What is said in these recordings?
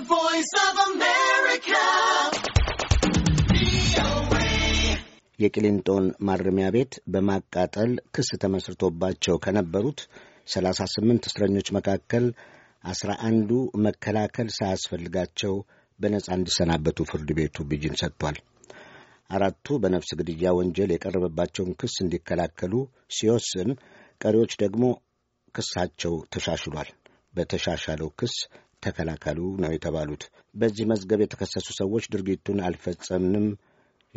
The Voice of America. የቅሊንጦን ማረሚያ ቤት በማቃጠል ክስ ተመስርቶባቸው ከነበሩት 38 እስረኞች መካከል አስራ አንዱ መከላከል ሳያስፈልጋቸው በነጻ እንዲሰናበቱ ፍርድ ቤቱ ብይን ሰጥቷል። አራቱ በነፍስ ግድያ ወንጀል የቀረበባቸውን ክስ እንዲከላከሉ ሲወስን፣ ቀሪዎች ደግሞ ክሳቸው ተሻሽሏል። በተሻሻለው ክስ ተከላከሉ ነው የተባሉት። በዚህ መዝገብ የተከሰሱ ሰዎች ድርጊቱን አልፈጸምንም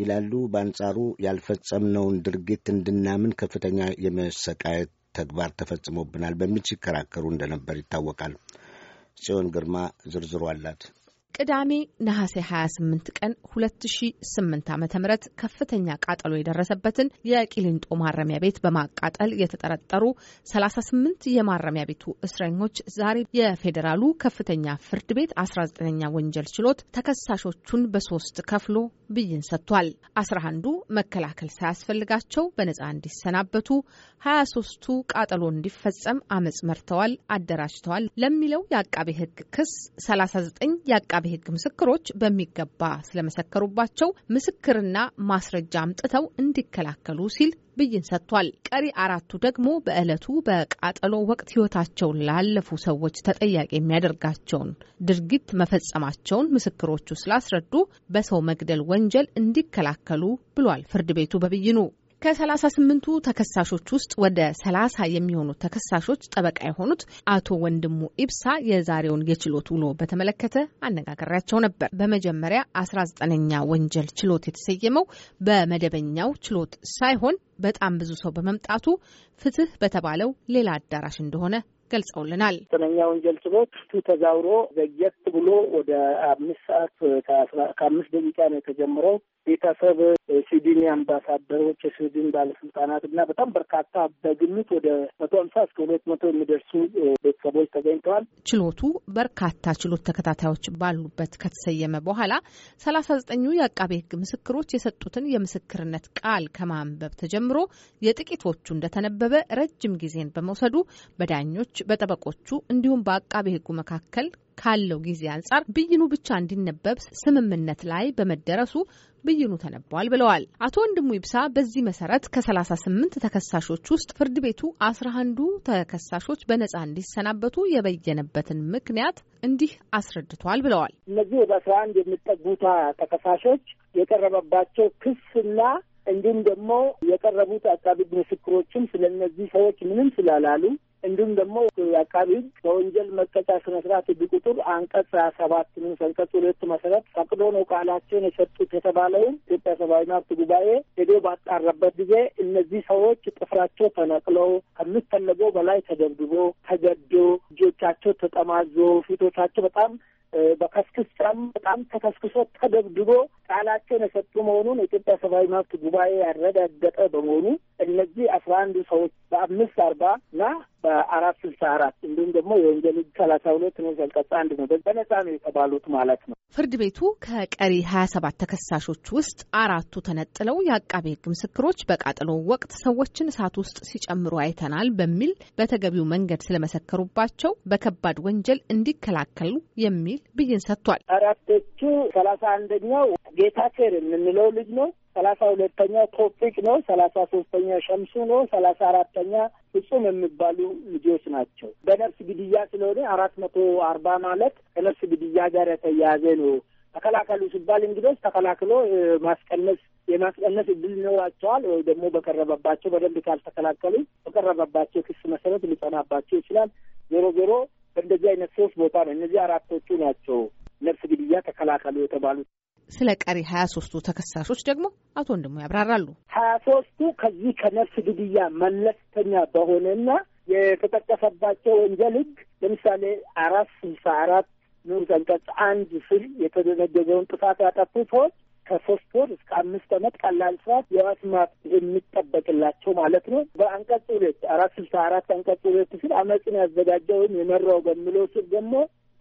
ይላሉ። በአንጻሩ ያልፈጸምነውን ድርጊት እንድናምን ከፍተኛ የመሰቃየት ተግባር ተፈጽሞብናል በሚል ሲከራከሩ እንደነበር ይታወቃል። ጽዮን ግርማ ዝርዝሩ አላት። ቅዳሜ ነሐሴ 28 ቀን 2008 ዓ ም ከፍተኛ ቃጠሎ የደረሰበትን የቂሊንጦ ማረሚያ ቤት በማቃጠል የተጠረጠሩ 38 የማረሚያ ቤቱ እስረኞች ዛሬ የፌዴራሉ ከፍተኛ ፍርድ ቤት 19ኛ ወንጀል ችሎት ተከሳሾቹን በሶስት ከፍሎ ብይን ሰጥቷል። አስራ አንዱ መከላከል ሳያስፈልጋቸው በነጻ እንዲሰናበቱ፣ ሀያ ሶስቱ ቃጠሎ እንዲፈጸም አመፅ መርተዋል፣ አደራጅተዋል ለሚለው የአቃቤ ህግ ክስ ሰላሳ ዘጠኝ የአቃቤ ህግ ምስክሮች በሚገባ ስለመሰከሩባቸው ምስክርና ማስረጃ አምጥተው እንዲከላከሉ ሲል ብይን ሰጥቷል። ቀሪ አራቱ ደግሞ በዕለቱ በቃጠሎ ወቅት ሕይወታቸውን ላለፉ ሰዎች ተጠያቂ የሚያደርጋቸውን ድርጊት መፈጸማቸውን ምስክሮቹ ስላስረዱ በሰው መግደል ወንጀል እንዲከላከሉ ብሏል ፍርድ ቤቱ በብይኑ። ከ 38 ተከሳሾች ውስጥ ወደ 30 የሚሆኑት ተከሳሾች ጠበቃ የሆኑት አቶ ወንድሙ ኢብሳ የዛሬውን የችሎት ውሎ በተመለከተ አነጋገሪያቸው ነበር። በመጀመሪያ 19ኛ ወንጀል ችሎት የተሰየመው በመደበኛው ችሎት ሳይሆን በጣም ብዙ ሰው በመምጣቱ ፍትህ በተባለው ሌላ አዳራሽ እንደሆነ ገልጸውልናል። ዘጠነኛ ወንጀል ችሎት ቱ ተዛውሮ ዘግየት ብሎ ወደ አምስት ሰዓት ከአምስት ደቂቃ ነው የተጀመረው። ቤተሰብ ስዊድን አምባሳደሮች፣ የስዊድን ባለስልጣናት እና በጣም በርካታ በግምት ወደ መቶ ሀምሳ እስከ ሁለት መቶ የሚደርሱ ቤተሰቦች ተገኝተዋል። ችሎቱ በርካታ ችሎት ተከታታዮች ባሉበት ከተሰየመ በኋላ ሰላሳ ዘጠኙ የአቃቤ ሕግ ምስክሮች የሰጡትን የምስክርነት ቃል ከማንበብ ተጀምሮ የጥቂቶቹ እንደተነበበ ረጅም ጊዜን በመውሰዱ በዳኞች በጠበቆቹ እንዲሁም በአቃቤ ሕጉ መካከል ካለው ጊዜ አንጻር ብይኑ ብቻ እንዲነበብ ስምምነት ላይ በመደረሱ ብይኑ ተነቧል ብለዋል አቶ ወንድሙ ይብሳ። በዚህ መሰረት ከ38 ተከሳሾች ውስጥ ፍርድ ቤቱ 11ዱ ተከሳሾች በነጻ እንዲሰናበቱ የበየነበትን ምክንያት እንዲህ አስረድቷል ብለዋል። እነዚህ ወደ 11 የሚጠጉት ተከሳሾች የቀረበባቸው ክስና እንዲሁም ደግሞ የቀረቡት አቃቢ ምስክሮችም ስለነዚህ ሰዎች ምንም ስላላሉ እንዲሁም ደግሞ የአቃቢ ሕግ በወንጀል መቀጫ ስነ ስርዓት ሕግ ቁጥር አንቀጽ ሀያ ሰባት ንዑስ አንቀጽ ሁለት መሰረት ፈቅዶ ነው ቃላቸውን የሰጡት የተባለውን ኢትዮጵያ ሰብአዊ መብት ጉባኤ ሄዶ ባጣረበት ጊዜ እነዚህ ሰዎች ጥፍራቸው ተነቅለው ከሚፈለገው በላይ ተደብድቦ ተገዶ እጆቻቸው ተጠማዞ ፊቶቻቸው በጣም በከስክስ ጫም በጣም ተከስክሶ ተደብድቦ ቃላቸውን የሰጡ መሆኑን የኢትዮጵያ ሰብአዊ መብት ጉባኤ ያረጋገጠ በመሆኑ እነዚህ አስራ አንዱ ሰዎች በአምስት አርባ እና በአራት ስልሳ አራት እንዲሁም ደግሞ የወንጀል ህግ ሰላሳ ሁለት ነው አንቀጽ አንድ ነው በነጻ ነው የተባሉት ማለት ነው። ፍርድ ቤቱ ከቀሪ ሀያ ሰባት ተከሳሾች ውስጥ አራቱ ተነጥለው የአቃቤ ህግ ምስክሮች በቃጠሎ ወቅት ሰዎችን እሳት ውስጥ ሲጨምሩ አይተናል በሚል በተገቢው መንገድ ስለመሰከሩባቸው በከባድ ወንጀል እንዲከላከሉ የሚል ብይን ሰጥቷል። አራቶቹ ሰላሳ አንደኛው ጌታ ኬር የምንለው ልጅ ነው ሰላሳ ሁለተኛ ቶፒክ ነው። ሰላሳ ሶስተኛ ሸምሱ ነው። ሰላሳ አራተኛ ፍጹም የሚባሉ ልጆች ናቸው። በነፍስ ግድያ ስለሆነ አራት መቶ አርባ ማለት ከነፍስ ግድያ ጋር የተያያዘ ነው። ተከላከሉ ሲባል እንግዲህ ተከላክሎ ማስቀነስ የማስቀነስ እድል ይኖራቸዋል ወይ ደግሞ በቀረበባቸው በደንብ ካልተከላከሉ በቀረበባቸው ክስ መሰረት ሊጸናባቸው ይችላል። ዜሮ ዜሮ በእንደዚህ አይነት ሶስት ቦታ ነው። እነዚህ አራቶቹ ናቸው ነፍስ ግድያ ተከላከሉ የተባሉት። ስለ ቀሪ ሀያ ሶስቱ ተከሳሾች ደግሞ አቶ ወንድሙ ያብራራሉ። ሀያ ሶስቱ ከዚህ ከነፍስ ግድያ መለስተኛ በሆነና የተጠቀሰባቸው ወንጀል ህግ ለምሳሌ አራት ስልሳ አራት ንዑስ አንቀጽ አንድ ስር የተደነገገውን ጥፋት ያጠፉ ሰዎች ከሶስት ወር እስከ አምስት ዓመት ቀላል ስርዓት የዋስ ማት የሚጠበቅላቸው ማለት ነው። በአንቀጽ ሁለት አራት ስልሳ አራት አንቀጽ ሁለት ስር አመፅን ያዘጋጀውን የመራው በሚለው ስር ደግሞ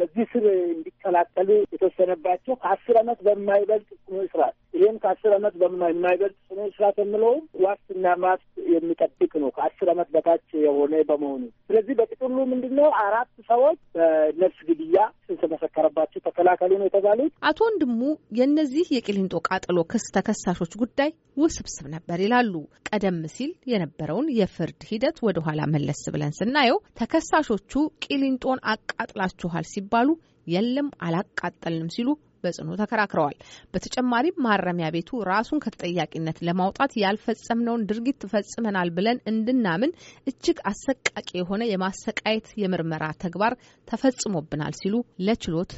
በዚህ ስር እንዲቀላቀሉ የተወሰነባቸው ከአስር ዓመት በማይበልጥ ጽኑ እስራት ይህም ከአስር ዓመት በማይበልጥ ጽኑ እስራት የምለውም ዋስትና ማስ የሚጠብቅ ነው ከአስር ዓመት በታች የሆነ በመሆኑ። ስለዚህ በጥቅሉ ምንድነው አራት ሰዎች በነፍስ ግድያ ስንስ መሰከረባቸው ተከላከሉ ነው የተባሉት አቶ ወንድሙ። የእነዚህ የቂሊንጦ ቃጠሎ ክስ ተከሳሾች ጉዳይ ውስብስብ ነበር ይላሉ። ቀደም ሲል የነበረውን የፍርድ ሂደት ወደኋላ መለስ ብለን ስናየው ተከሳሾቹ ቂሊንጦን አቃጥላችኋል ሲባሉ የለም አላቃጠልንም ሲሉ በጽኑ ተከራክረዋል። በተጨማሪም ማረሚያ ቤቱ ራሱን ከተጠያቂነት ለማውጣት ያልፈጸምነውን ድርጊት ፈጽመናል ብለን እንድናምን እጅግ አሰቃቂ የሆነ የማሰቃየት የምርመራ ተግባር ተፈጽሞብናል ሲሉ ለችሎት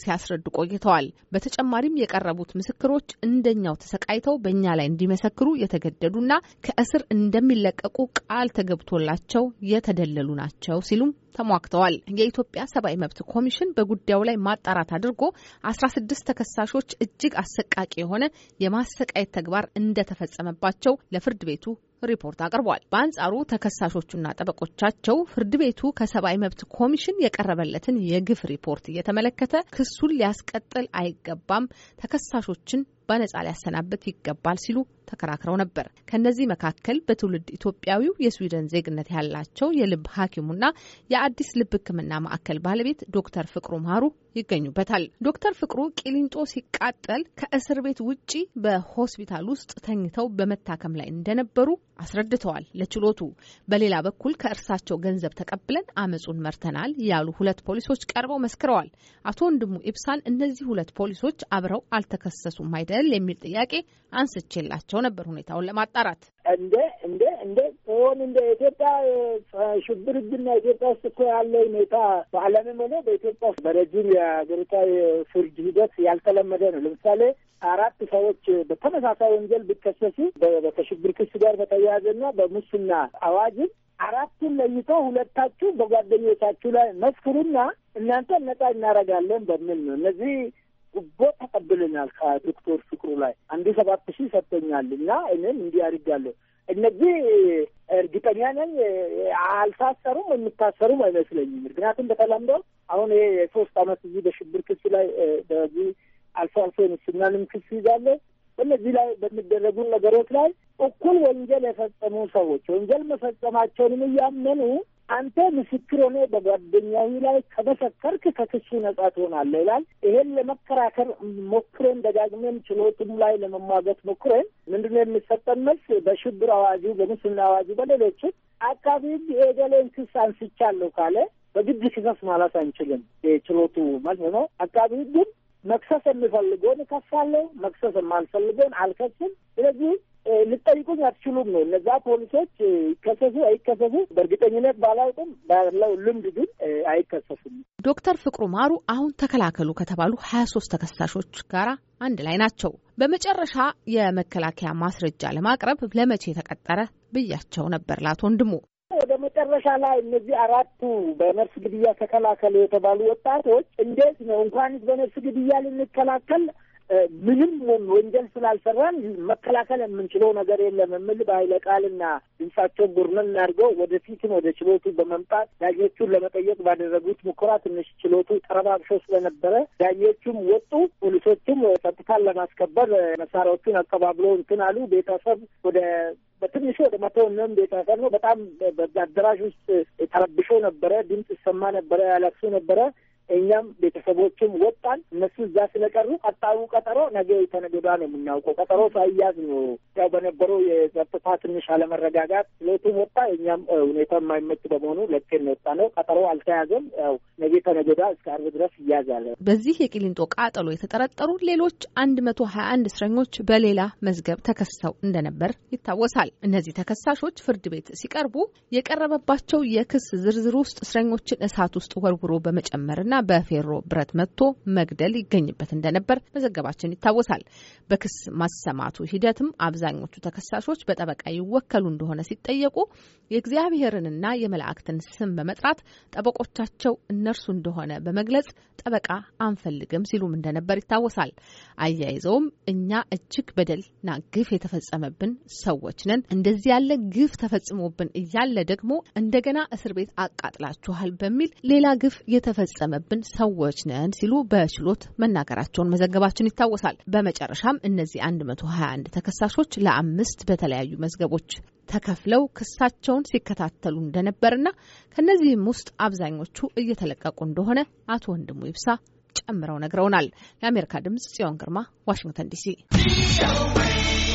ሲያስረዱ ቆይተዋል። በተጨማሪም የቀረቡት ምስክሮች እንደኛው ተሰቃይተው በእኛ ላይ እንዲመሰክሩ የተገደዱና ከእስር እንደሚለቀቁ ቃል ተገብቶላቸው የተደለሉ ናቸው ሲሉም ተሟግተዋል። የኢትዮጵያ ሰብአዊ መብት ኮሚሽን በጉዳዩ ላይ ማጣራት አድርጎ አስራ ስድስት ተከሳሾች እጅግ አሰቃቂ የሆነ የማሰቃየት ተግባር እንደተፈጸመባቸው ለፍርድ ቤቱ ሪፖርት አቅርቧል። በአንጻሩ ተከሳሾቹና ጠበቆቻቸው ፍርድ ቤቱ ከሰብአዊ መብት ኮሚሽን የቀረበለትን የግፍ ሪፖርት እየተመለከተ ክሱን ሊያስቀጥል አይገባም፣ ተከሳሾችን በነጻ ሊያሰናብት ይገባል ሲሉ ተከራክረው ነበር። ከእነዚህ መካከል በትውልድ ኢትዮጵያዊው የስዊድን ዜግነት ያላቸው የልብ ሐኪሙና የአዲስ ልብ ሕክምና ማዕከል ባለቤት ዶክተር ፍቅሩ ማሩ ይገኙበታል። ዶክተር ፍቅሩ ቂሊንጦ ሲቃጠል ከእስር ቤት ውጪ በሆስፒታል ውስጥ ተኝተው በመታከም ላይ እንደነበሩ አስረድተዋል ለችሎቱ። በሌላ በኩል ከእርሳቸው ገንዘብ ተቀብለን አመፁን መርተናል ያሉ ሁለት ፖሊሶች ቀርበው መስክረዋል። አቶ ወንድሙ ኢብሳን እነዚህ ሁለት ፖሊሶች አብረው አልተከሰሱም አይደል የሚል ጥያቄ አንስቼላቸው ተጠርቶ ነበር ሁኔታውን ለማጣራት። እንደ እንደ እንደ ሆን እንደ ኢትዮጵያ ሽብር ህግና ኢትዮጵያ ውስጥ እኮ ያለ ሁኔታ በዓለምም ሆነ በኢትዮጵያ ውስጥ በረጅም የሀገሪቷ የፍርድ ሂደት ያልተለመደ ነው። ለምሳሌ አራት ሰዎች በተመሳሳይ ወንጀል ቢከሰሱ ከሽብር ክስ ጋር በተያያዘና በሙስና አዋጅም አራቱን ለይቶ ሁለታችሁ በጓደኞቻችሁ ላይ መስክሩና እናንተ ነጻ እናደርጋለን በሚል ነው እነዚህ ጉቦ ተቀብለናል ከዶክተር ፍቅሩ ላይ አንድ ሰባት ሺህ ሰጥቶኛል እና እኔም እንዲህ አድርጋለሁ። እነዚህ እርግጠኛ ነኝ አልታሰሩም፣ የምታሰሩም አይመስለኝም። ምክንያቱም በተለምዶ አሁን ይሄ የሶስት አመት እዚህ በሽብር ክስ ላይ በዚህ አልፎ አልፎ የምስናንም ክስ ይዛለ በእነዚህ ላይ በሚደረጉ ነገሮች ላይ እኩል ወንጀል የፈጸሙ ሰዎች ወንጀል መፈጸማቸውንም እያመኑ አንተ ምስክር ሆነ በጓደኛዊ ላይ ከመሰከርክ ከክሱ ነጻ ትሆናለህ ይላል። ይሄን ለመከራከር ሞክረን ደጋግመን ችሎቱም ላይ ለመሟገት ሞክረን ምንድነው የሚሰጠን መልስ? በሽብር አዋጁ፣ በሙስና አዋጁ፣ በሌሎችም አቃቢ ሕግ የገሌን ክስ አንስቻለሁ ካለ በግድ ክሰስ ማለት አንችልም። ችሎቱ መልስ ነው። አቃቢ ሕግም መክሰስ የሚፈልገውን እከሳለሁ፣ መክሰስ የማልፈልገውን አልከስም። ስለዚህ ልጠይቁኝ አትችሉም ነው። እነዛ ፖሊሶች ይከሰሱ አይከሰሱ በእርግጠኝነት ባላውቅም ባለው ልምድ ግን አይከሰሱም። ዶክተር ፍቅሩ ማሩ አሁን ተከላከሉ ከተባሉ ሀያ ሶስት ተከሳሾች ጋር አንድ ላይ ናቸው። በመጨረሻ የመከላከያ ማስረጃ ለማቅረብ ለመቼ ተቀጠረ ብያቸው ነበር ለአቶ ወንድሙ። ወደ መጨረሻ ላይ እነዚህ አራቱ በነፍስ ግድያ ተከላከሉ የተባሉ ወጣቶች እንዴት ነው እንኳን በነፍስ ግድያ ልንከላከል ምንም ወንጀል ስላልሰራን መከላከል የምንችለው ነገር የለም የምል በኃይለ ቃልና ድምጻቸውን ቡርነን አድርገው ወደፊትም ወደ ችሎቱ በመምጣት ዳኞቹን ለመጠየቅ ባደረጉት ሙከራ ትንሽ ችሎቱ ጠረባብሾ ስለነበረ ዳኞቹም ወጡ። ፖሊሶቹም ጸጥታን ለማስከበር መሳሪያዎቹን አቀባብሎ እንትን አሉ። ቤተሰብ ወደ በትንሹ ወደ መቶ ቤተሰብ ነው። በጣም በአዳራሽ ውስጥ ተረብሾ ነበረ። ድምፅ ይሰማ ነበረ። ያለቅሱ ነበረ። እኛም ቤተሰቦችም ወጣን። እነሱ እዛ ስለቀሩ ቀጣዩ ቀጠሮ ነገ የተነገዳ ነው የምናውቀው። ቀጠሮ ሳይያዝ ነው ያው በነበረው የጸጥታ ትንሽ አለመረጋጋት ሎቱም ወጣ። የእኛም ሁኔታ የማይመች በመሆኑ ለቅቄን ወጣ ነው። ቀጠሮ አልተያዘም። ያው ነገ ከነገ ወዲያ እስከ አርብ ድረስ ይያዛል። በዚህ የቂሊንጦ ቃጠሎ የተጠረጠሩ ሌሎች አንድ መቶ ሀያ አንድ እስረኞች በሌላ መዝገብ ተከሰው እንደነበር ይታወሳል። እነዚህ ተከሳሾች ፍርድ ቤት ሲቀርቡ የቀረበባቸው የክስ ዝርዝር ውስጥ እስረኞችን እሳት ውስጥ ወርውሮ በመጨመርና በፌሮ ብረት መጥቶ መግደል ይገኝበት እንደነበር መዘገባችን ይታወሳል። በክስ ማሰማቱ ሂደትም አብዛ አብዛኞቹ ተከሳሾች በጠበቃ ይወከሉ እንደሆነ ሲጠየቁ የእግዚአብሔርንና የመላእክትን ስም በመጥራት ጠበቆቻቸው እነርሱ እንደሆነ በመግለጽ ጠበቃ አንፈልግም ሲሉም እንደነበር ይታወሳል። አያይዘውም እኛ እጅግ በደልና ግፍ የተፈጸመብን ሰዎች ነን። እንደዚህ ያለ ግፍ ተፈጽሞብን እያለ ደግሞ እንደገና እስር ቤት አቃጥላችኋል በሚል ሌላ ግፍ የተፈጸመብን ሰዎች ነን ሲሉ በችሎት መናገራቸውን መዘገባችን ይታወሳል። በመጨረሻም እነዚህ 121 ተከሳሾች ለአምስት በተለያዩ መዝገቦች ተከፍለው ክሳቸውን ሲከታተሉ እንደነበርና ከእነዚህም ውስጥ አብዛኞቹ እየተለቀቁ እንደሆነ አቶ ወንድሙ ይብሳ ጨምረው ነግረውናል። ለአሜሪካ ድምጽ ጽዮን ግርማ ዋሽንግተን ዲሲ